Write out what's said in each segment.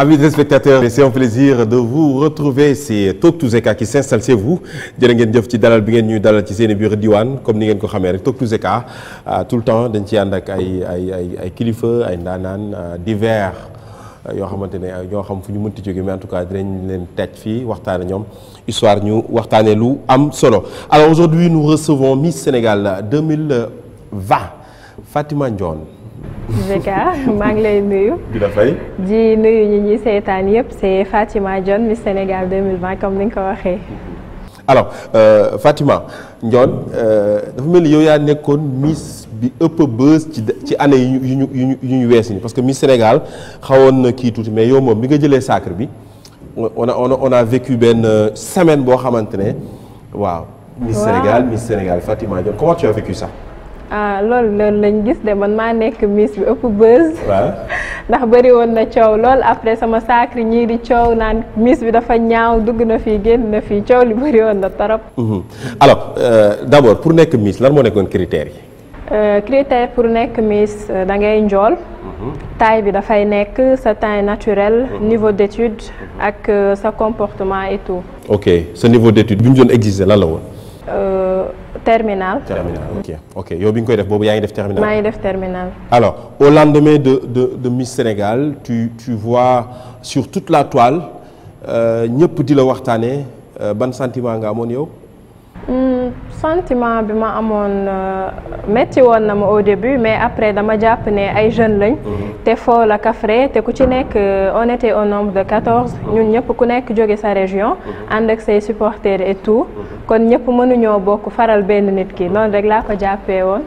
Amis des spectateurs, c'est un plaisir de vous retrouver si Tootu Zeka qui s'installe chez vous jërë ngeen jëf ci dalal bi ngeen ñuy dalal ci seen biir diwaan comme ni ngeen ko xamee rek Tootu Zeka ah, tout le temps dañ ci ànd ak ay ay ay kilifa ay ndaanaan ah, divers ah, yoo xamante ne ñoo xam fu ñu mënti jóge mais en tout cas dinañ leen teg fii waxtaane ñoom histoire ñu waxtaanee lu am solo alors aujourd'hui nous recevons Miss Sénégal 2020 Fatima Ndione GK maa ngi lay nuyu. di la nuyu ñi ñuy seetaan yëpp c'est Fatima Dione Miss Sénégal 2020 comme ni nga ko waxee. alors euh, Fatima Dione euh, dafa mel ni yow yaa nekkoon Miss bi ëpp buzz ci ci année yu ñu yu ñu yu ñu weesu parce que Miss Sénégal xawoon na kii tuuti mais yow moom bi nga jëlee sacre bi on a on a on benn euh, semaine boo xamante ne waaw. Miss Sénégal Miss Sénégal Fatima Dione comment tu as vécu ça. ah loolu loolu lañ gis de man maa nekk miss bi ëpp buzz. ndax bëri woon na coow lool après sama saakri ñii di coow naan miss bi dafa ñaaw dugg na fii génn na fii coow li bëri woon na trop. Mhm. alors euh, d'abord pour nekk miss lan moo nekkoon critères yi. Euh, critère pour nekk miis euh, da ngay njool. Mhm. taille bi dafay nekk sa teint naturel. Mhm. niveau d'étude. ak euh, sa comportement et tout. ok sa niveau d'étude bi ñu doon exiger lan la woon. Euh, terminal. terminal ok ok yow bi nga koy def boobu yaa ngi def terminal. maa ngi def terminal. alors au lendemain de de de Miss Sénégal tu tu vois sur toute la toile euh, ñëpp di la waxtaanee euh, ban sentiment nga amoon yow. Mm, sentiment bi ma amoon euh, metti woon na ma au début mais après dama jàpp ne ay jeunes lañ. Mhm. te foo la Kaffrine te ku ci mhm. nekk euh, on était au nombre de quatorze. Mhm. ñun ñëpp ku nekk jóge sa région. ànd ak say supporters et tout. kon ñëpp mënuñoo bokk faral benn nit ki noonu rek laa ko jàppee woon.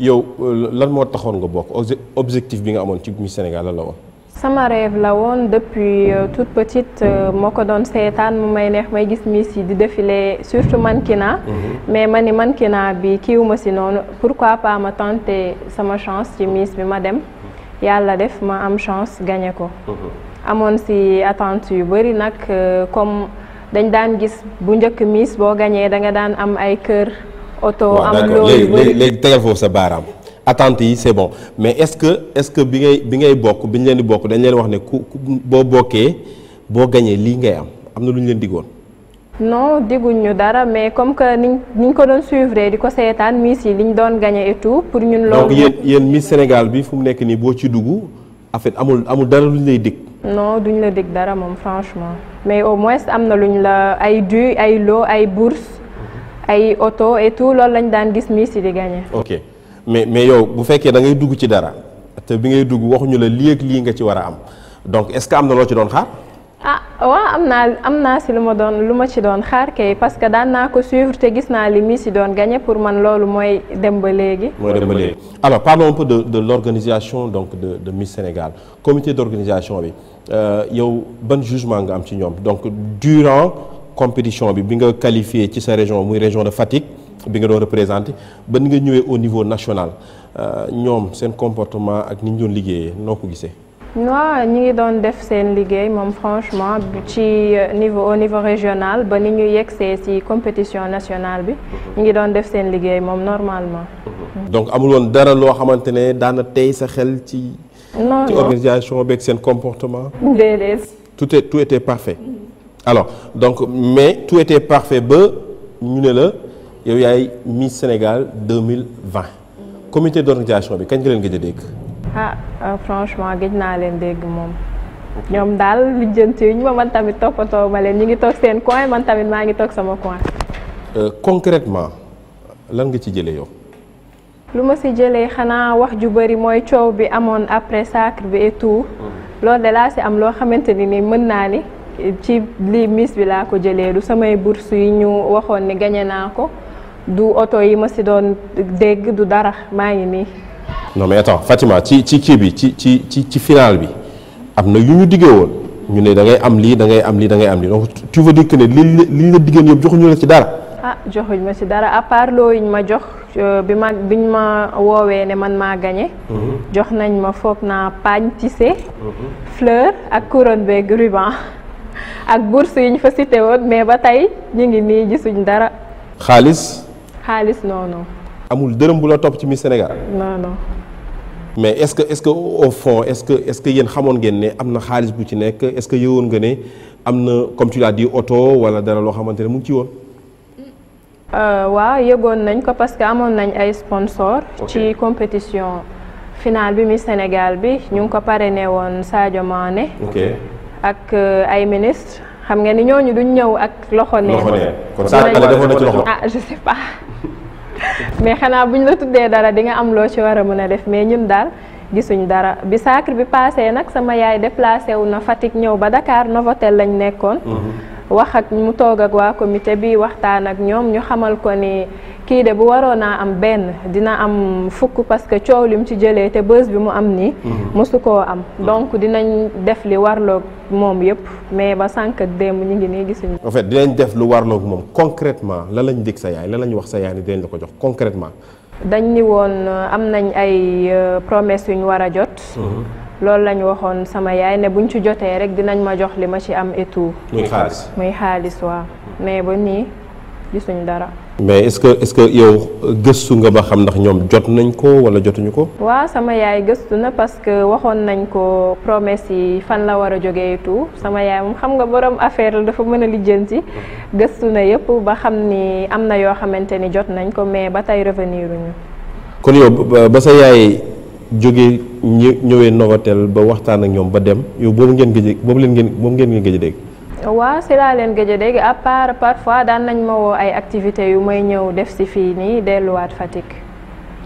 yow euh, lan moo taxoon nga bokk objectif bi nga amoon ci Miss Sénégal lan la woon. sama rêve la woon depuis euh, toute petite euh, moo ko doon seetaan mu may neex may gis miss yi di défilé surtout mannequinat mhm. mais ma ni mannequinat bi ma si noonu pourquoi pas ma tenter sama chance ci miss bi ma dem yàlla def ma am chance gagné ko mhm. amoon si attente yu bëri nag euh, comme dañ daan gis bu njëkk miis boo gañee da nga daan am ay kër oto am loolu léegi léegi tegal foofu sa baaraam attentes yi c'est bon mais est-ce que est-ce que bi ngay bi ngay bokk bi ñu leen di bokk dañ leen wax ne ku boo bokkee boo gañee lii ngay am am na lu ñu leen diggoon. non diguñ ñu dara mais comme que niñ niñ ko doon suivre di ko seetaan miss yi ñu doon gañe et pour ñun. loolu donc yéen yéen Sénégal bi fu mu nekk nii boo ci dugg en fait amul amul dara lu ñu lay dig. non duñ la dig dara moom franchement mais au moins am na lu luñ la ay dû ay lot ay bourse ay oto et tout loolu lañ daan gis miss yi di mais mais yow bu fekkee da ngay dugg ci dara te bi ngay dugg waxuñu la lii ak lii nga ci war a am donc est-ce que am na loo ci doon xaar. ah waaw am naa am naa si lu ma doon lu ma ci doon xaar kay parce que daan naa ko suivre te gis naa li mi si doon gagné pour man loolu mooy dem ba léegi. mooy dem ba léegi alors parlons un de de l'organisation donc de de Miss Sénégal comité d'organisation bi euh, yow ban jugement nga am ci ñoom donc durant compétition bi bi nga qualifié ci sa région muy région de Fatick. bi nga doon représenté ba ni nga ñëwee au niveau national euh, ñoom seen comportement ak ni ñu doon liggéeyee noo ko gisee. non ñu ngi doon def seen liggéey moom franchement ci euh, niveau au niveau régional ba ni ñu yegsee ci compétition nationale bi ñu ngi doon def seen liggéey moom normalement. donc amuloon dara loo xamante ne daana tey sa xel ci. non ci organisation seen comportement. déedéet. tout est tout était parfait alors donc mais tout était parfait ba ñu ne la. yow yaay Miss Sénégal 2020 comité d'organisation bi kañ nga leen gëj a dégg. ah, ah franchement gëj naa leen dégg moom. ñoom daal yu ñu ma man tamit toppatoo ma leen ñu ngi toog seen coin man tamit maa ngi toog sama coin. Euh, concrètement lan nga ci jëlee yow. lu ma si jëlee xanaa wax ju bëri mooy coow bi amoon après sacre bi et tout. Mm-hmm. loolu de laa si am loo xamante ni ni mën naa ni ci lii miss bi laa ko jëlee lu samay bourse yi ñu waxoon ni gañe naa ko. du oto yi ma si doon dégg du dara maa ngi nii. non mais attends Fatima ci ci kii bi ci ci ci ci final bi am na yu ñu diggee woon ñu ne da ngay am lii da ngay am lii da ngay am lii donc tu veux dire que ne liñ la liñ la diggéen yëpp joxuñu la ci dara. ah joxuñ ma si dara à part looyuñ ma jox euh, bi ma biñ ma woowee ne man maa gagné. Mhm. jox nañ ma foog naa paañ tissé. Mhm. fleur ak couronne beeg ruban ak bourse yi ñu fa cité woon mais ba tey ñu ngi nii gisuñ dara. xaalis. xaalis non non. amul dërëm bu la topp ci Miss Sénégal. non non. mais est-ce que est-ce que au fond est-ce que yéen xamoon ngeen ne am na xaalis bu ci nekk est-ce que yëwoon nga ne am na comme tu l'as dit oto wala dara loo xamante ne mu ngi ci woon. Euh, waaw yëgoon nañ ko parce que amoon nañ ay sponsor ci compétition finale bi Miss Sénégal bi ñu ngi ko pare parrainé woon Sadio Mané. ak euh, ay ministre xam nga ni ñooñu duñ ñëw ak loxo neen. Ah, mais xanaa buñ la tuddee dara di nga am loo ci war a mën a def mais ñun daal gisuñu dara bi sacre bi passé nag sama yaay déplacé wu na Fatick ñëw ba ndakaar Novotel lañ nekkoon. Mm-hmm. wax ak mu toog ak waa comité bii waxtaan ak ñoom ñu xamal ko ni kii de bu waroon a am benn dina am fukk parce que coow lim ci jëlee te bës bi mu am nii. Mhm. mosu koo am mhm. donc dinañ def li warloog moom yëpp mais ba sànq ak démb ñu ngi nii gis en fait dinañ def lu warlook moom concrètement la lañ dig sa yaay la lañ wax sa yaay ni dinañ la ko jox concrètement. dañ ni woon am nañ ay euh, promesse yu ñu war a jot. Mhm. loolu lañ waxoon sama yaay ne buñ ci jotee rek dinañ ma jox li ma ci am et muy xaalis muy xaalis waaw mais ba nii gisuñ dara. mais est-ce yow gëstu nga ba xam ndax ñoom jot nañ ko walla jotuñu ko. waaw sama yaay gëstu na parce que waxoon nañ ko promesse yi fan la war a jógee et sama yaay moom xam nga boroom affaire la dafa mën a lijjanti gëstu na yépp ba xam ni am na yoo xamante ni jot nañ ko mais ba tey revenir kon yow ba sa yaay. jógee ñë ñëwee Novotel ba waxtaan ak ñoom ba dem yow boobu ngeen gëj boobu leen ngeen boobu ngeen ngeen gëj dégg. waaw si laa leen gëj a dégg à part parfois daan nañ ma woo ay activités yu may ñëw def si fii nii delluwaat Fatick.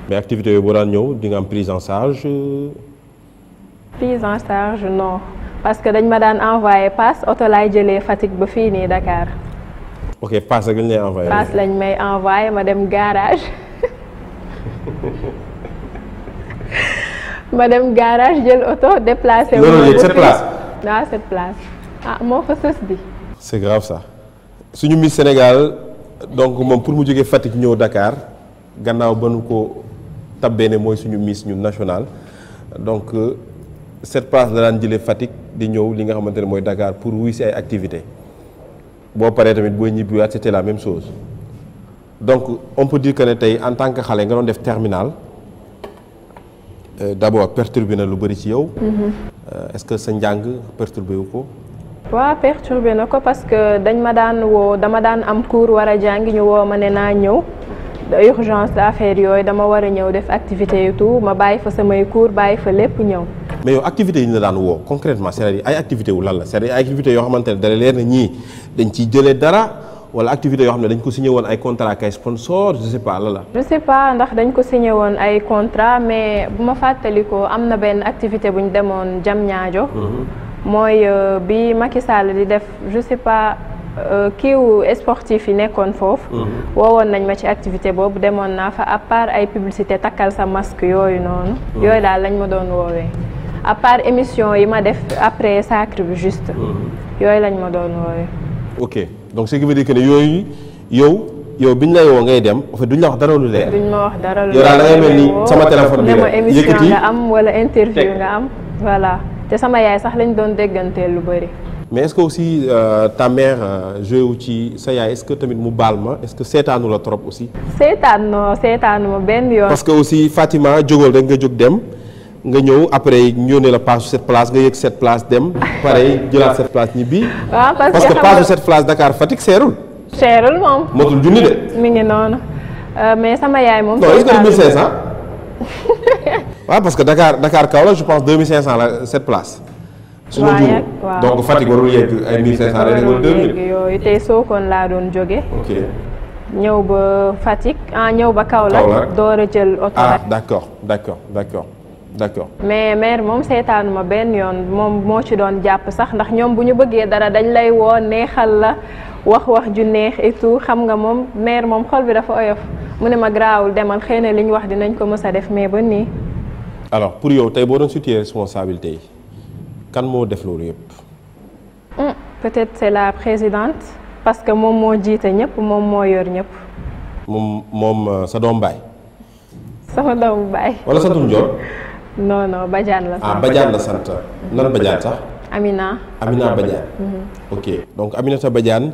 mais activités yooyu boo daan ñëw di nga am prise en charge. prise en charge non parce que dañ ma daan envoyé pass oto laay jëlee Fatick ba fii nii Dakar. ok pass rek lañ lay lañ may envoyé ma dem garage. ma dem garage jël auto déplacé. loolu yëpp ah, ah, moo fa sës bi. c'est grave suñu Miss Sénégal donc moom pour mu jóge Fatick ñëw dakaar gannaaw ba nu ko tabbee ne mooy suñu Miss ñun national donc sept euh, places la daan jëlee Fatick di ñëw li nga xamante ne mooy Dakar pour wuy si ay activités boo paree tamit boo ñibbiwaat c'était la même chose donc on peut dire ne tey en tant que xale nga doon def terminal Euh, d'abord perturbé na lu bari ci yow. Mhm. Euh, est-ce que sa njàng perturbé wu ko. waaw perturbé na ko parce que dañ ma daan woo dama daan am cours war a jàngi ñu woo ma ne naa ñëw. urgence d' yooyu dama war a ñëw def activité yu tu ma bàyyi fa samay cours bàyyi fa lépp ñëw. mais yow activités yi ñu daan woo concrètement cest à ay activités wu lan la c'est-à-dire ay activités yoo xamante ne dara leer na ñii dañ ci jëlee dara. wala activité yoo xam ne dañ ko signé woon ay contrat kay sponsor je sais pas la la. je sais pas ndax dañ ko signé woon ay contrat mais bu ma fàttalikoo am na benn activité bu ñu demoon jam ñaajo mhm. mooy euh, bi Macky Sall di def je sais pas. Euh, kiiw sportif yi nekkoon foofu. Mhm. woowoon nañ ma ci activité boobu demoon naa fa à part ay publicité takkal sa masque yooyu noonu. Mhm. yooyu daal lañ ma doon woowee. à part émission yi ma def après sacre bi juste. yooyu lañ ma doon woowee. donc ce qui veut dire ne yooyu yow yow bi ñu lay woo ngay dem en fait duñ la wax dara lu leer. duñ ma wax dara lu leer yow sama téléphone bi rek nga am wala interview nga am voilà te sama yaay sax lañ doon dégganteel lu bëri. mais est aussi euh, ta mère euh, joué wu ci sa yaay est que tamit mu baal ma est que seetaanu la trop aussi. seetaan noo seetaanu ma benn yoon. parce que aussi Fatima jógal rek nga jóg dem. nga ñëw après ñoo ne la passe cette place nga yëg cette place dem pareil jëlaat cette place ñibbi. waaw parce que passe cette place Dakar Fatick seerul. seerul moom. motul junni de. mi ngi noonu euh, mais sama yaay moom. non est-ce que 1500. waaw parce que Dakar Dakar Kaolack je pense 2500 la cette place. suñu jur donc Fatick warul yegg ay 1500 la wala 2000. yooyu tey Sokone laa doon jóge. ok ñëw ba Fatick ah, ñëw ba Kaolack. Kaolack door a jël oto. Ah, d'accord mais maire moom seetaanu ma benn yoon moom moo ci doon jàpp sax ndax ñoom bu ñu bëggee dara dañ lay woo neexal la wax wax ju neex et xam nga moom maire moom xol bi dafa oyof mu ne ma garaawul demal xëy na li ñu wax dinañ ko mës a def mais ba nii. alors pour yow tey boo doon situer responsabilité yi kan moo def loolu yëpp. Hmm, peut-être c'est la présidente parce que moom moo jiite ñëpp moom moo yor ñëpp. moom moom euh, sa doom baay. sama doomu baay. wala santum Njool. non non Badiane la ah, sant ah Badiane la sant nan Badiane sax. Amina Amina Badiane. ok donc Aminata Badiane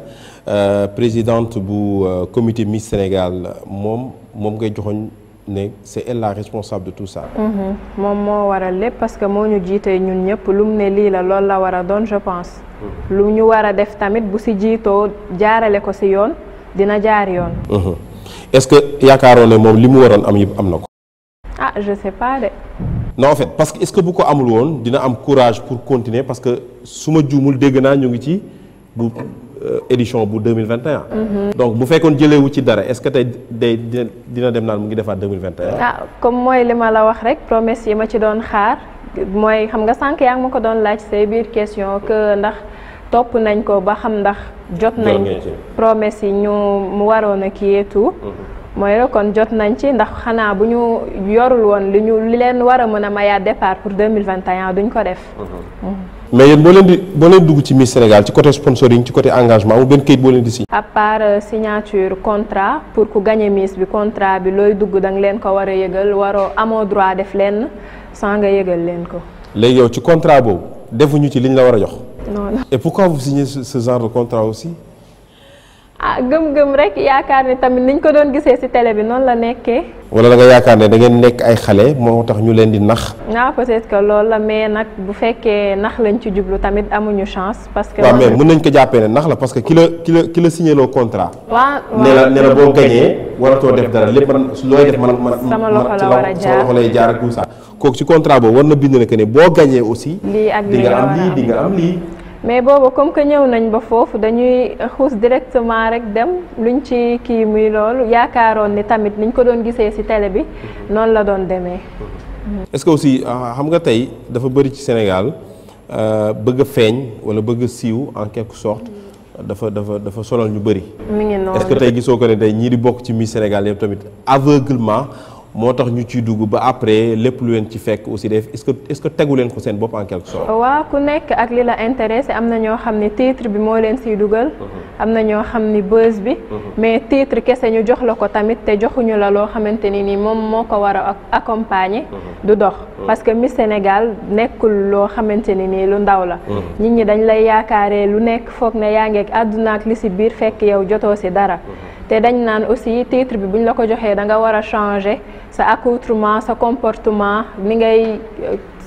euh, présidente bu euh, comité Miss Sénégal moom moom ngay joxoñ ne c'est elle la responsable de tout ça. Mhm. moom moo waral lépp parce que moo ñu jiitee ñun ñëpp lu mu ne lii la lool la war a doon je pense. Mhm. lu ñu war a def tamit bu si jiitoo jaarale ko si yoon dina jaar yoon. Mhm. est-ce que yaakaaroon ne moom li mu waroon am yëpp am na ko. ah je sais pas de. non en fait parce que est-ce que bu ko amul woon dina am courage pour continuer parce que su ma juumul dégg naa ñu ngi ci bu euh, édition bu 2021. Mm-hmm. donc bu fekkoon jëlewu ci dara est-ce que tey day dina dem naan mu ngi defaat 2021. ah comme mooy li ma la wax rek promesse yi ma ci doon xaar mooy xam nga sànq yaa ngi ma ko doon laaj say biir question que ndax topp nañ ko ba xam ndax. jot nañ promesse yi ñu mu waroon a kii et mooy la kon jot nañ ci ndax xanaa bu ñu yorul woon li ñu li leen war a mën a mayaat départ pour 2021 duñ ko def. Mhm. mais yéen boo leen di boo leen dugg ci Miss Sénégal ci côté sponsoring ci côté engagement amul benn kayit boo leen di signé. à part euh, signature contrat pour ku gagné Miss bi contrat bi looy dugg da nga leen ko war a yëgal waroo amoo droit def lenn sans nga yëgal leen ko. léegi yow ci contrat boobu defuñu ci liñ la war a jox. non non et pourquoi vous signez ce aussi. ah gëm-gëm rek yaakaar ni tamit ni niñ ko doon gisee ci tele bi noonu la nekkee. wala da nga yaakaar ne da ngeen nekk ay xale moo tax ñu leen di nax. waaw peut-être que bu fekkee nax lañ ci jublu tamit amuñu chance. parce que waaw mais nañ ko jàppee ne nax la parce que ki la ki la ki la signé loo contrat. waaw ne la ne la boo gañee waratoo def dara lépp man looy def man man sama loxo la war a jaar sama loxo lay ci contrat boobu war na bind ne que ne boo gañee aussi. lii ak lii di am lii di am lii. mais boobu comme que ñëw nañ ba foofu dañuy xuus directement rek dem luñ ci kii muy loolu yaakaaroon ni tamit niñ ko doon gisee ci télé bi mhm. noonu la doon demee. Mhm. est-ce que aussi ah, xam nga tey dafa bëri ci Sénégal euh, bëgg feeñ walla bëgg a siiw en quelque sorte dafa dafa dafa solal ñu bëri. mi ngi noonu est-ce que tey gisoo ko ne day ñii di bokk ci Miss Sénégal yëpp tamit aveuglement. moo tax ñu ciy dugg ba après lépp lu leen ci fekk aussi def est-ce que tegu leen ko seen bopp en quelque sorte. waa ku nekk ak li la intéressé am na ñoo xam ne titre bi moo leen siy dugal. Mm-hmm. am na ñoo xam ni buzz bi. Mm-hmm. mais titre kese ñu jox la ko tamit te joxuñu la loo xamante ni nii moom moo ko war a accompagner. Mm-hmm. du dox parce que Miss Sénégal nekkul loo xamante ni lu ndaw la. nit ñi dañ lay yaakaaree lu nekk foog ne yaa ngi ak àdduna ak li si biir fekk yow jotoo si dara. te dañ naan aussi titre bi buñ la ko joxee danga nga war a changer. sa accoutrement sa comportement ni ngay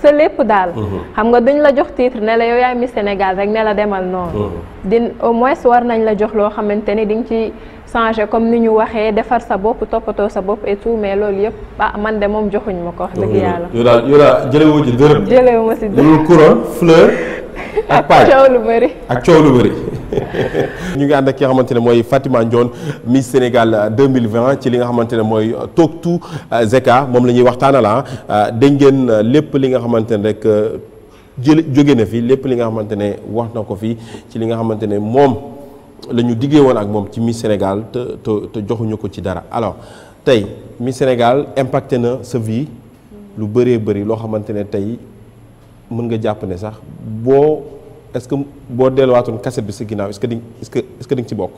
sa lépp daal. Mhm. xam nga duñ la jox titre ne la yow yaay Miss Sénégal rek ne la demal noonu. Mhm. di au moins war nañ la jox loo xamante ni di nga ci changé comme ni ñu waxee defar sa bopp toppatoo sa bopp et mais loolu yëpp ah man de moom joxuñ ma ko wax dëgg yàlla. yow daal yow daal jëlewoo ci dërëm. ma si dërëm courant fleur. ak paille ak coow lu bëri. ak coow lu bëri. ñu ngi ànd ak ki nga xamante ne mooy Fatima Ndione Miss Sénégal 2020 ci li nga xamante ne mooy Tok-Tou euh, Zeka moom la ñuy la ah. euh, dañ ngeen euh, lépp li nga xamante ne rek jël jóge na fi lépp li nga xamante ne wax na ko fi ci li nga xamante ne moom la ñu diggee woon ak moom ci Miss Sénégal te te joxuñu ko ci dara alors tey Miss Sénégal impacté na sa vie lu bëree bëri loo xamante ne tey mën nga jàpp ne sax boo. est-ce que boo delluwaatoon cassette bi si ginnaaw est-ce que di ci bokk.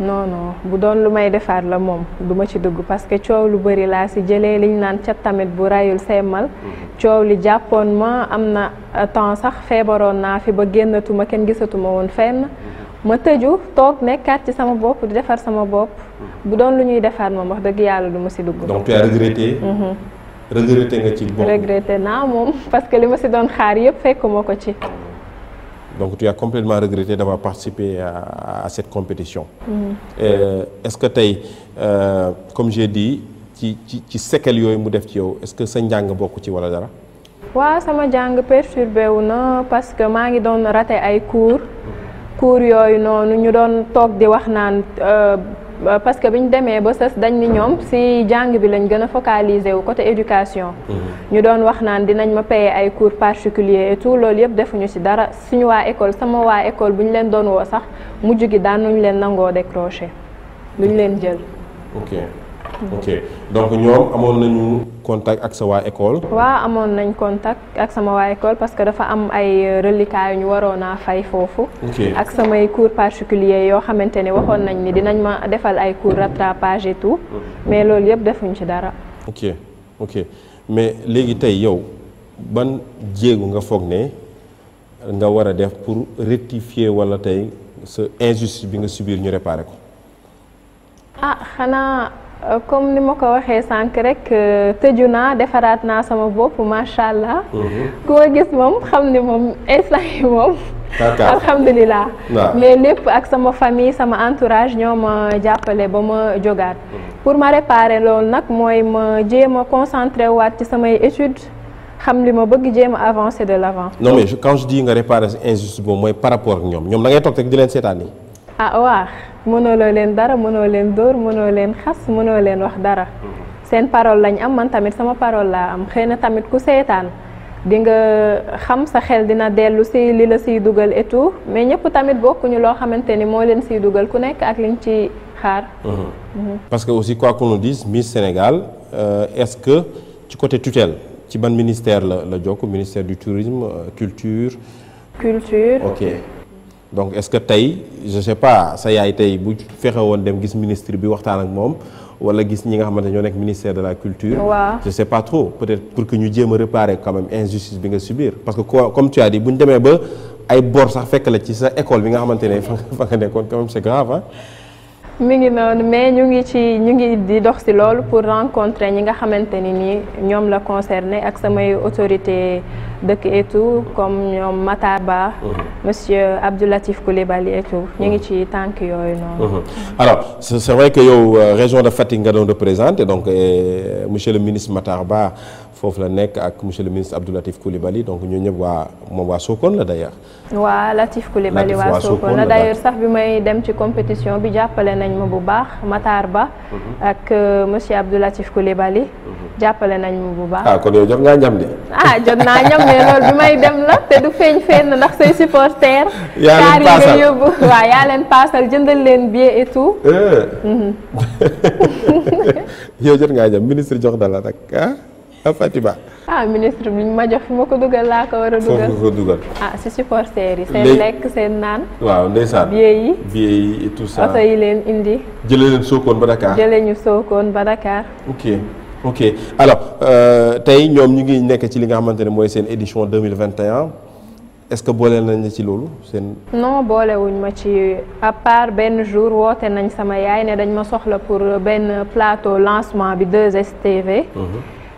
noonu non bu doon lu may defaat la moom du ma ci dugg parce que coow lu bëri laa si jëlee liñ naan cat tamit bu rayul semmal mhm. coow li jàppoon ma am na euh, temps sax feebaroon naa fi ba génnatuma kenn gisatuma woon fenn. Mhm. ma tëju toog nekkaat ci sama bopp di defar sama bopp. Mhm. bu doon lu ñuy defaat moom wax dëgg yàlla du ma si dugg. donc tu naa moom parce que li ma si doon xaar yëpp fekkuma ko ci. Ah. donc tu as complètement regretté d'avoir participé à, à cette compétition. Mmh. est-ce que tey euh, comme j'ai dit ci ci ci séquelles yooyu mu def ci yow est-ce que sa njàng bokk ci walla dara. waaw sama njàng perturbé wu na parce que maa ngi doon raté ay cour mm-hmm. cours yooyu noonu ñu doon toog di wax naan. Euh, parce que bi ñu demee ba ses dañ ni ñoom si jàng bi lañ gën a focaliser wu côté éducation. Mm-hmm. ñu doon wax naan dinañ ma paye ay cours particuliers et tout loolu yëpp defuñu si dara suñu waa école sama waa école bu ñu leen doon woo sax mujj gi daanuñ leen nangoo lu ñu leen jël. ok donc ñoom amoon nañu contact ak sa waa école. waa amoon nañ contact ak sama waa école parce que dafa am ay euh, reliquats yu ñu waroon a fay foofu. ak samay cours particuliers yoo xamante ne waxoon nañ ni dinañ ma defal ay cours rattrapage tout. Mm-hmm. mais loolu yëpp defuñ ci dara. ok ok mais léegi tey yow ban jéegu nga foog ne nga war a def pour rectifier walla tey sa injustice bi nga subir ñu réparer ko. ah xanaa. comme ni ma ko waxee sànq rek euh, tëju naa defaraat naa sama bopp macha allah. Mhm. ku ma gis moom xam ni moom instant yi moom. alhamdulilah mais lépp ak sama famille sama entourage ñoo ma jàppale ba ma jogaat mhm. pour ma réparer loolu nag mooy ma jéem a concentré waat ci samay études xam li ma bëgg jéem a avancer de l' avant. non mais quand je dis nga réparer injuste boobu mooy par rapport ak ñoom ñoom da ngay toog rek di leen seetaan nii. ah waaw. mënoo leen dara mënoo leen dóor mënoo leen xas mënoo leen wax dara seen parole lañ am man tamit sama parole laa am xëy na tamit ku seetaan di nga xam sa xel dina dellu si li la siy dugal et mais ñëpp tamit bokkuñu loo xamante ni moo leen siy dugal ku nekk ak liñ ci xaar uh-huh. mhm. parce que aussi quoi qu'on nous dise Miss Sénégal euh, est-ce que ci côté tutelle ci ban ministère la la jokk ministère du tourisme euh, culture culture ok donc est-ce que tey je sais pas sa yaay tey bu fexe woon dem gis ministre bi waxtaan ak moom wala gis ñi nga xamante ñoo nekk ministère de la culture. waaw je sais pas trop peut-être pour que ñu jéem a réparer quand même injustice bi nga subir parce que comme tu as dit bu ñu demee ba ay bor sax fekk la ci sa école bi nga xamante ne fa nga fa nga nekkoon quand même c'est grave mi ngi noonu mais ñu ngi ci ñu ngi di dox si loolu pour rencontrer ñi nga xamante ni nii ñoom la concerné ak samay autorité dëkk et tout comme ñoom Matar Ba. Mhm. monsieur Abdoulatif Coulibaly et tout ñu ngi mhm. ci tànk yooyu noonu. Mhm. alors c' vrai que yow euh, région de Fatick nga doon représenté donc euh, monsieur le ministre Matar Ba. foofu la nekk ak monsieur le ministre Abdou Latif Coulibaly donc ñoo ñëpp waa moom waa Sokone la d'ailleurs waa Latif Coulibaly waa Sokone la d'ailleurs sax bi may dem ci compétition bi jàppale nañ ma bu baax Matar Ba mhm. ak euh, monsieur Abdou Latif Coulibaly mhm. jàppale nañ ma bu baax ah, kon yow jot ngaa ñam de ah, jot naa ñam ne loolu bi may dem la te du feeñ fenn ndax say supporter yaa leen paasal yóbbu waaw yaa leen paasal jëndal leen billet et eh. mhm. ministre jox na Ah, Fatiba. ah ministre bi ma jox fi ma ko dugal laa ko war a dugal foofu ko dugal. ah si supporters yi. seen lekk seen naan. waaw ndeysaan billet yi. billet yi et tout ça oto yi leen indi. jëlee leen Sokone ba Dakar jëlee ñu Sokone ba Dakar. ok ok alors euh, tey ñoom ñu ngi nekk ci li nga xamante ne mooy seen édition 2021 est-ce que booleel nañ la ci loolu seen. non boolewuñ ma ci à part benn jour woote nañ sama yaay ne dañ ma soxla pour benn plateau lancement bi 2STV.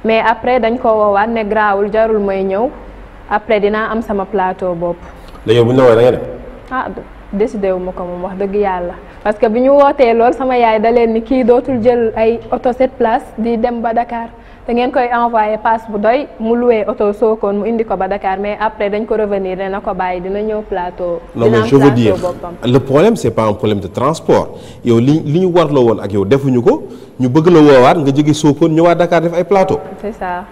mais après dañ ko woowaat ne grawul jarul may ñëw après dinaa am sama plateau bopp. léegi yow bu ñu la wooyee da ah décidé wu ma ko moom wax dëgg yàlla parce que bi ñu wootee lool sama yaay da leen ni kii dootul jël ay oto sept place di dem ba dakaar te ngeen koy envoyé passe bu doy mu loué oto Sokone mu indi ko ba dakaar mais après dañ ko revenir ne na ko bàyyi dina ñëw plateau. non mais je veux dire le problème c'est pas un problème yow li li ñu warloo woon ak yow defuñu ko ñu bëgg la woowaat nga jóge Sokone ñëwaat Dakar def ay plateau. c'est ça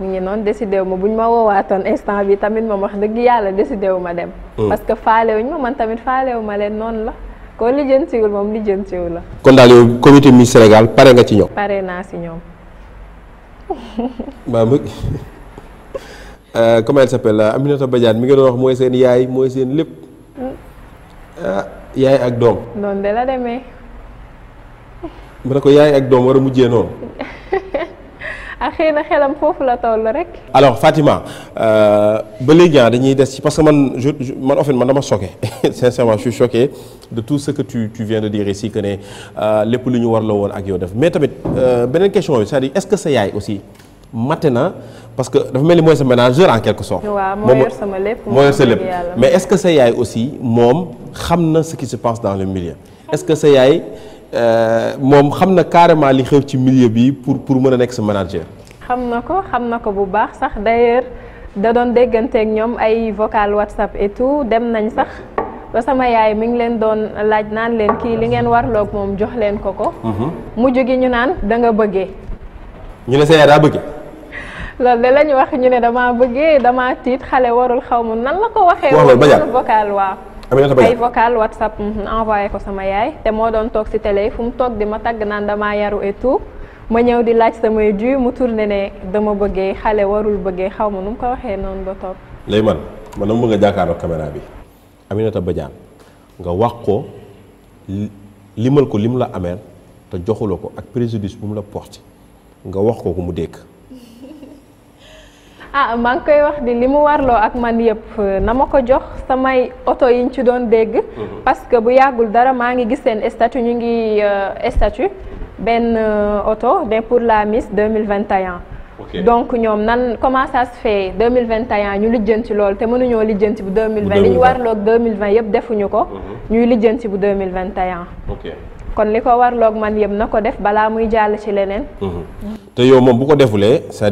mu ngi noonu décidé wu ma bu ñu ma woowaatoon instant bi tamit moom wax dëgg yàlla décidé wu ma dem. Hmm. parce que faale wuñ ma man tamit faale ma leen noonu la. koo lijjantiwul moom lijjantiwul la. kon daal yow comité Miss Sénégal pare nga ci ñoom. pare naa si ñoom. maam euh, comment elle s'appelle euh, Aminata Badiane mi nga doon wax mooy seen yaay mooy seen lépp. Ah, yaay ak doom. noonu de la demee. mu ne ko yaay ak doom war a mujjee noonu. ak ah, xëy na xelam foofu la toll rek. alors Fatima euh, ba léegi ah, dañuy des ci parce que man je man en fait man dama choqué sincèrement je suis choqué de tout ce que tu tu viens de dire ici que ne euh, lépp lu ñu war la woon ak yow def mais tamit euh, beneen question bi c'est-à-dire est-ce que sa yaay aussi matte na parce que dafa mel ni mooy sa ménageur en quelque sorte. waaw moo yor sama lépp moo yor sa lépp mais est sa yaay aussi moom xam na ce qui se passe dans le milieu est-ce que sa yaay. Euh, moom xam na carrément li xew ci milieu bi pour pour mën a nekk sa manager. xam na ko xam na ko bu baax sax d'ailleurs da doon dégganteeg ñoom ay vocal whatsapp et dem nañ sax ba sama yaay mi ngi leen doon laaj naan leen kii li ngeen warloog moom jox leen ko ko. Mhm. mujj gi ñu naan danga bëggee. ñu ne sa yaay daa bëggee. loolu de la ñu wax ñu ne dama bëggee dama tiit xale warul xaw ma nan la ko waxee. warul vocal waaw. ay vocal whatsapp mhm, envoyé ko sama yaay te moo doon toog si fu mu toog di ma tàgg naan yaru et ma ñëw di laaj samay ju mu tourné ne dama bëggee xale warul bëggee xaw ma nu mu waxee noonu ba toog léegi man man dama a jàkkaarloo caméra bi Aminata Badiane nga wax ko limal ko li mu la ameel te joxuloo ko ak préjudice bu mu la porté nga wax ko ko mu dégg ah maa ngi koy wax ni li mu warloo ak man yëpp na ma ko jox samay oto yiñ ci doon dégg. Mhm. parce que bu yàggul dara maa ngi gis seen statut ñu ngi euh, statut benn euh, oto mais pour la Miss 2021. Okay. donc ñoom nan comment ça se fait 2021 ñu lijjanti loolu te mënuñoo lijjanti bu 2020 li ñu warloog 2020 yëpp defuñu ko. Mhm. ñuy lijjanti bu 2021. ok kon li ko warloog man yëpp na ko def balaa muy jàll ci leneen. Mhm. te yow moom bu ko defulee cest à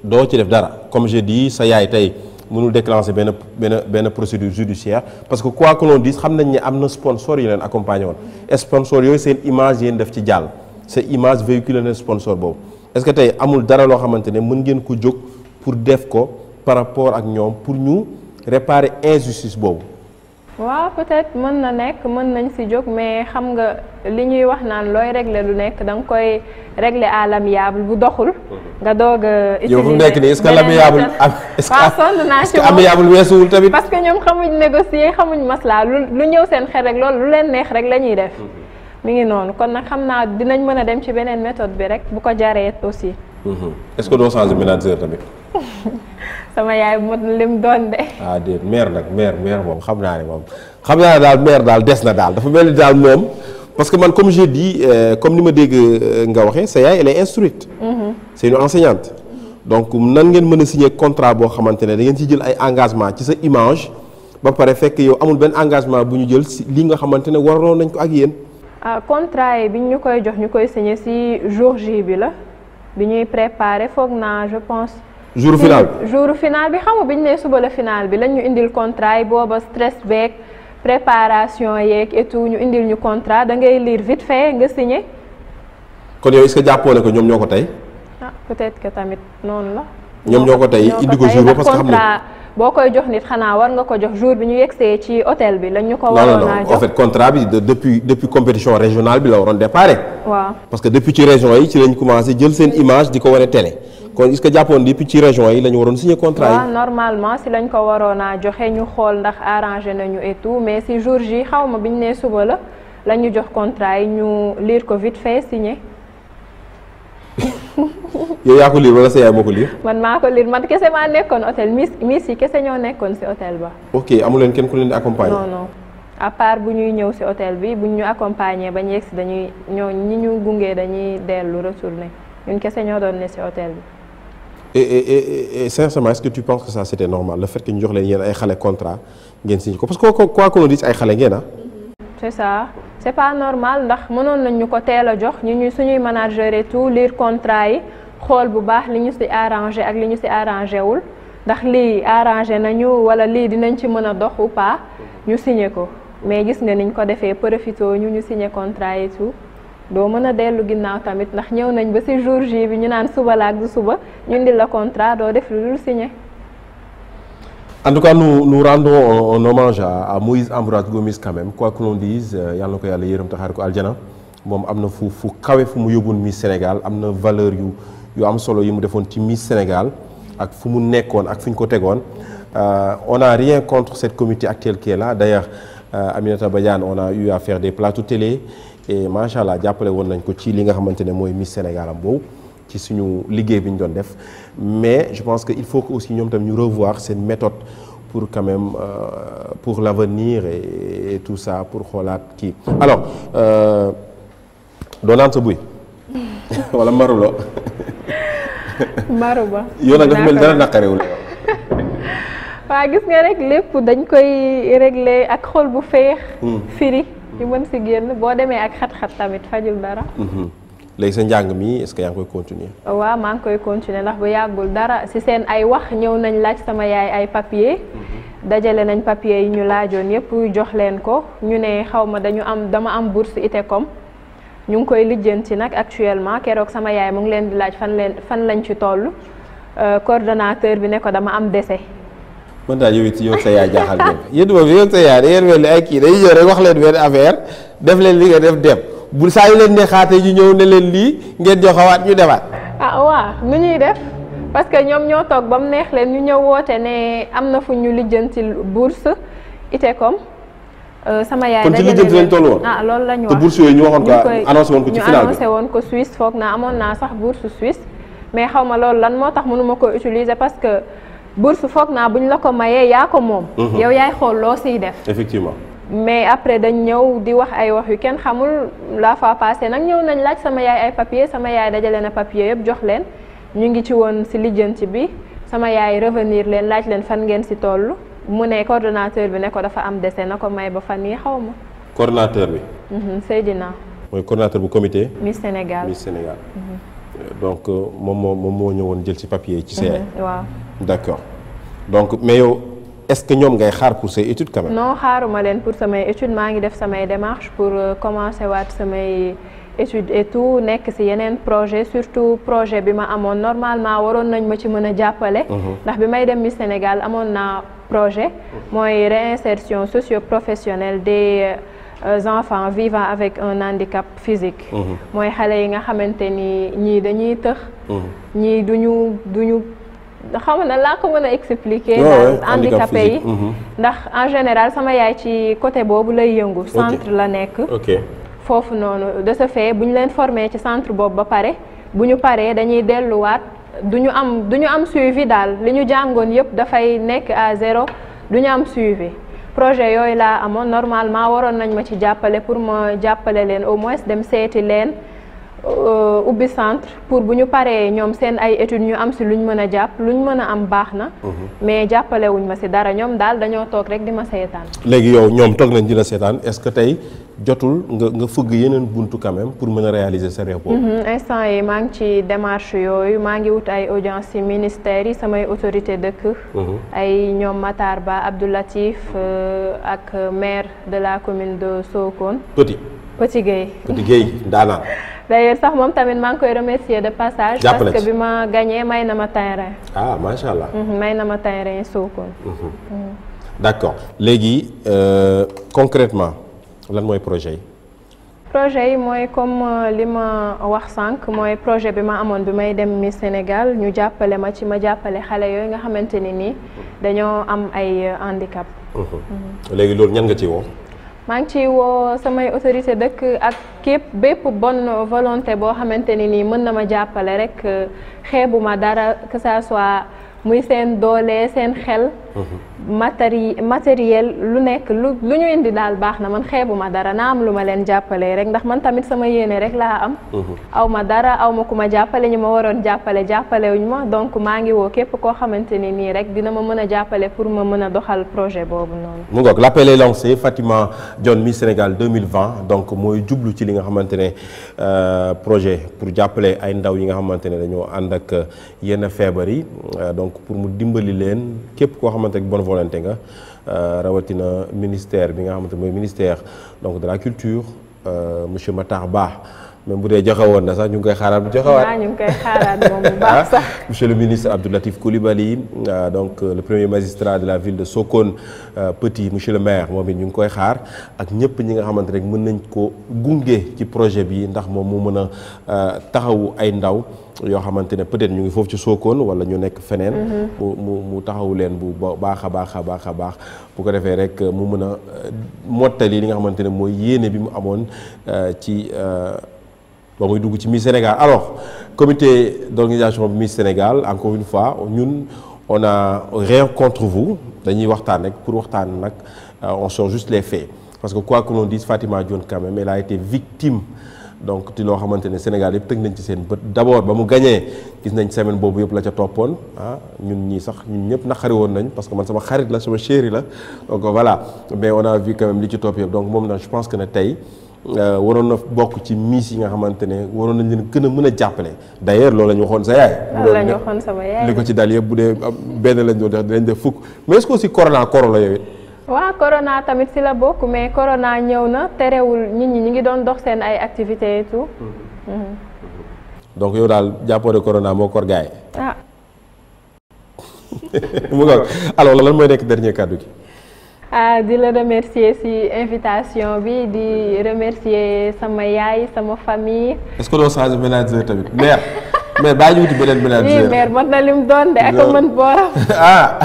doo ci def dara comme j'ai dit sa yaay tey mënul déclancé benn benn benn procédure judiciaire parce que quoi que l'on xam nañ ne am na sponsor yu leen accompagné woon sponsor yooyu seen image yéen def ci jàll seen image véhiculé na sponsor boobu est-ce que tey amul dara loo xamante ne mën ngeen ko jóg pour def ko par rapport ak ñoom pour ñu réparer injustice boobu waaw peut-être mën na nekk mën nañ si jóg mais xam nga li ñuy wax naan looy régler lu nekk da nga koy régler à l'amiable bu doxul. Mhm. nga doog a. utiliser yow fu nekk nii est-ce que l'amiable am est-ce que amiable weesuwul tamit. parce que ñoom xamuñ négocier xamuñ maslaa lu lu ñëw seen xel rek loolu lu leen neex rek la ñuy def. Mhm. mi ngi noonu kon nag xam naa dinañ mën a dem ci beneen méthode bi rek bu ko jaree aussi. Mhm. est-ce que doo changer ménageur tamit. sama yaay mot lim doon de. ah déet mère nag mère moom xam naa ne moom xam naa ne daal mère daal des na daal dafa mel ni daal moom parce que man comme j'ai dit euh, comme ni ma dégg euh, nga waxee sa yaay elle est instruite. Mhm. c'est une enseignante. donc nan ngeen mën a signer contrat boo xamante ne da ci jël ay engagement ci sa image ba pare fekk yow amul benn engagement bu ñu jël si li nga xamante ne waroon nañ ko ak yéen. ah contrat yi bi ñu koy jox ñu koy signer si jour J bi la bi jour final bi jour final bi xam nga bi ñu nee suba la final bi lañ ñu indil contrat yi booba stress beeg préparation yeeg et ñu indil ñu contrat da ngay lire vite fait nga signé. kon yow est-ce jàppoo ne ko ñoom ñoo ko tey. ah peut-être que tamit noonu la. ñoom ñoo ko tey indi ko jour ba parce boo koy jox nit xanaa war nga ko jox jour bi ñu yegsee ci hôtel bi lañ ñu ko waroon a jox en contrat bi depuis depuis compétition régionale bi la waroon déparé waaw parce que depuis ci région yi ci lañ commencé jël seen image di ko wane télé kon est-ce que jàppoon depuis ci région yi la ñu waroon signé contrat yi normalement si lañ ko waroon a joxe ñu xool ndax arrangé nañu et tout mais si jour ji xaw ma bi ñu nee suba la la ñu jox contrat yi ñu lire ko vite fait signé yow yaa ko liir wala sa yaay moo ko liir. man maa ko liir man kese maa nekkoon otel miss miss yi kese ñoo nekkoon si hôtel ba. ok amu leen kenn ku leen di accompagner. non non à part bu ñuy ñëw si hôtel bi bu ñu accompagner ba ñu yegg dañuy ñoo ñi ñu gungee dañuy dellu retourner ñun kese ñoo doon ne si hôtel bi. et et et sincèrement est-ce que tu penses que ça c'était normal le fait que ñu jox leen yéen ay xale contrat ngeen signé ko parce que quoi qu'on dise ay xale ngeen ah. c'est ça c'est pas normal ndax mënoon nañ ñu ko teel a jox ñu ñuy suñuy manager et tout lire contrat yi xool bu baax li ñu ci arrangé ak li ñu ci arrangé wul ndax lii arrangé nañu wala lii dinañ ci mën a dox ou pas ñu signé ko mais gis nga niñ ko defee profité ñu ñu signé contrat yi tout doo mën a dellu ginnaaw tamit ndax ñëw nañ ba ci jour J bi ñu naan suba la ak du suba ñu indi la contrat doo def lu dul signé. En tout cas, nous, nous rendons un, hommage à, à Moïse Ambroise Gomis quand même. Euh, yàlla na ko yàlla yërëm taxaar ko aljana moom am na fu fu kawe fu mu yóbbuwoon Miss Sénégal am na valeur yu yu am solo yi mu defoon ci Miss Sénégal ak fu mu nekkoon ak fu ñu ko tegoon euh, on n'a rien contre cette communauté actuelle qui est là d'ailleurs euh, Aminata Badiane on a eu à faire des plateaux télé et macha allah jàppale woon nañ ko ci li nga xamante ne mooy Miss Sénégal boobu. ci suñu liggéey bi ñu doon def mais je pense que il faut que aussi ñoom tam ñu revoir seen méthode pour quand même euh, pour l'avenir et, et tout ça pour xoolaat kii alors euh, doo naan sa buy wala marulo maru ba yow nag dafa mel dara naqarewul waa gis nga rek lépp dañ koy régler ak xool bu féex hmm. firi yu mën si génn boo demee ak xat-xat tamit fajul dara hmm. léegi sa njàng mi est-ce que yaa ngi koy continuer waaw maa ngi koy continuer ndax bu yàggul dara ci seen ay wax ñëw nañ laaj sama yaay ay papier mm-hmm. dajale nañ papier yi ñu laajoon yëpp jox leen ko ñu ne xaw ma dañu am dama am bourse ITECOM ñu ngi koy lijjanti nag actuellement keroog sama yaay mu ngi leen di laaj fan leen fan lañ ci toll euh, coordonnateur bi ne ko dama am décès mën daal yow it yow sa yaay jaaxal yéen yéen boobu yow sa yaay da ngeen mel ni ay kii dañuy wax leen benn affaire def li nga def bu saa yu leen neexaatee ñu ñëw ne leen lii ngeen joxewaat ñu defaat. ah waa nu ñuy def parce que ñoom ñoo toog ba mu neex leen ñu ñëw woote ne am na fu ñu lijjanti bourse ITECOM. Euh, sama yaay kon ci lijjanti ah, ñu wax te bourse yooyu ñu waxoon ko annoncé woon ko ci final bi ñu annoncé woon ko Suisse foog naa amoon naa sax bourse Suisse. mais xaw ma loolu lan moo tax mënuma ko utiliser parce que bourse foog naa bu ñu la ko mayee yaa ko moom. Mm-hmm. yow yaay xool loo siy def. effectivement. mais après dañ ñëw di wax ay wax yu kenn xamul la fois passée nag ñëw nañ laaj sama yaay ay papier sama yaay dajale na papier yëpp jox leen ñu ngi ci woon si lijjanti bi sama yaay revenir leen laaj leen fan ngeen si toll mu ne coordonnateur bi ne ko dafa am dese na ko may ba fan yi xaw ma. coordonnateur bi. Mhm, Seydina. mooy coordonnateur bu comité. Miss Sénégal Miss Sénégal. Mhm. donc euh, moom moo moo ñëwoon jël ci papier. ci sa mhm, waaw d' donc mais est-ce que ñoom ngay xaar pour say études quand même. xaaruma leen pour samay études maa ngi def samay démarches pour euh, commencer waat samay études et nekk ci yeneen projet surtout projet bi ma amoon normalement waroon nañ ma ci mën a jàppale. Mhm. ndax bi may dem mi Sénégal amoon naa projet. Mhm. mooy réinsertion socio-professionnelle des. Euh, enfants vivant avec un handicap physique mhm. mooy xale yi nga xamante ni ñii dañuy tëx ñii duñu duñu xam ma nan laa ko mën a expliquer daal handicapé yi mhm. ndax en général sama yaay ci côté boobu lay yëngu centre la nekk foofu noonu de ce fait bu ñu leen formé ci centre boobu ba pare bu ñu paree dañuy delluwaat du ñu am du ñu am suivi daal li ñu jàngoon yëpp dafay nekk à zéro du ñu am suivi projet yooyu laa amoon normalement waroon nañ ma ci jàppale pour ma jàppale leen au moins dem seeti leen Euh, ubbi centre pour bu ñu paree ñoom seen ay études ñu am si lu ñu mën a jàpp lu ñu mën a am baax na. Mhm. mais jàppalewuñ ma si dara ñoom daal dañoo toog rek di ma seetaan. léegi yow ñoom toog nañ dina seetaan est-ce que tey jotul nga nga fëgg yeneen buntu quand pour mën a réaliser sa rapport. Mhm, instant yi maa ngi ci démarche yooyu maa ngi wut ay audience ci ministères yi samay autorité dëkk. Mhm. ay ñoom Matar Ba Abdou Latif euh, ak maire de la commune de Sokone. Petit Gueye Petit Gueye daanaan. d'ailleurs sax moom tamit maa ngi koy remercier de passage. parce que bi ma gagné may na ma terrain. ah macha allah. Mhm, may na ma terrain Sokone. Mhm. Mhm. d'accord léegi euh, concrètement lan mooy projet yi. projet yi mooy comme euh, li ma wax sànq mooy projet bi ma amoon bi may dem mi Sénégal ñu jàppale ma ci ma jàppale xale yooyu nga xamante ni nii dañoo am ay euh, handicap. léegi loolu ñan nga ci woo. maa ngi ciy woo samay autorité dëkk ak képp bépp bonne volonté boo xamante ne nii mën na ma jàppale rek euh, xeebuma dara que ça soit muy seen doole seen xel matéri matériel lu nekk lu lu ñu indi daal baax na man xeebu ma dara naa am lu ma leen jàppalee rek ndax man tamit sama yéene rek laa am mhm. aw ma dara aw ma ku ma jàppale ñu ma waroon jàppale jàppalewuñu ma donc maa ngi woo képp koo xamante ni nii rek dina ma mën a jàppale pour ma mën a doxal projet boobu noonu mu ngoog l'appel est lancé Fatima Dione Miss Sénégal 2020 donc mooy jublu ci li nga xamante ne euh, projet pour jàppale ay ndaw yi nga xamante ne dañoo ànd ak euh, yenn feebar yi euh, donc pour mu dimbali leen képp koo xamante ne bonne volonté nga euh, rawatina ministère bi nga xamante mooy ministère donc de la culture euh, monsieur Matar Ba mais bu dee joxewoon woon na sax ñu ngi koy xaaraat bu moom bu baax ah, sax. monsieur le ministre Abdou Latif Coulibaly ah, donc euh, le premier magistrat de la ville de Sokone euh, Petit monsieur le maire moom it ñu ngi koy xaar ak ñëpp ñi nga xamante rek mën nañ ko gunge ci projet bi ndax moom mu mën a euh, taxawu ay ndaw yoo xamante ne peut-être ñu ngi foofu ci Sokone wala ñu nekk feneen. Mm-hmm. mu mu mu leen bu baax a baax a baax a baax bu ko defee rek mu mën a mottali li nga xamante ne mooy yéene bi mu amoon ci. ba muy dugg ci Miss Sénégal alors comité d'organisation bi Miss Sénégal encore une fois ñun on a rien contre vous dañuy waxtaan rek pour waxtaan nag euh, on sort juste les faits parce que quoi que l'on dise Fatima Dione quand même elle a été victime donc ti loo xamante ne Sénégal yëpp teg nañ ci seen bët d'abord ba mu gañee gis nañ semaine boobu yëpp la ca toppoon ah ñun ñii sax ñun ñëpp naqari woon nañ parce que man sama xarit la sama chéri la donc voilà mais on li ci topp donc moom na je que ne tey Euh, waroon na bokk ci miss yi nga xamante ne waroon nañ leen gën mën a jàppale d'ailleurs loolu la ñu waxoon sa yaay. loolu ah, la ñu ko ci daal yëpp bu dee benn lañ doon def def fukk mais est-ce que aussi corona tamit si la bokk mais corona ñëw na terewul nit ñi ñu ngi doon dox seen ay activités et tout. Mm-hmm. Mm-hmm. donc yow daal jàppoo ne corona moo kor gaay ah. mooy nekk dernier kàddu gi. ah di la remercier ci invitation bi di remercier sama yaay sama famille. est-ce que doo changer manager tamit mère mère baa ñu wuti beneen manager. mère mot na lim doon de ak a mën booram. ah.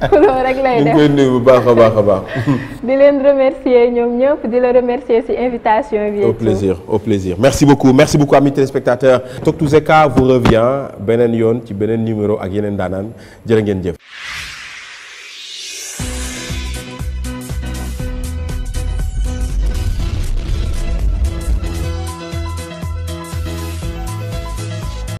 loolu rek lay def ñu ngi bu baax a baax a baax. di leen remercier ñoom ñëpp di la remercier ci invitation bi. au plaisir au plaisir merci beaucoup merci beaucoup amis téléspectateurs. Toctouzeca vous revient beneen yoon ci beneen numéro ak yeneen daanaan jërë ngeen jëf.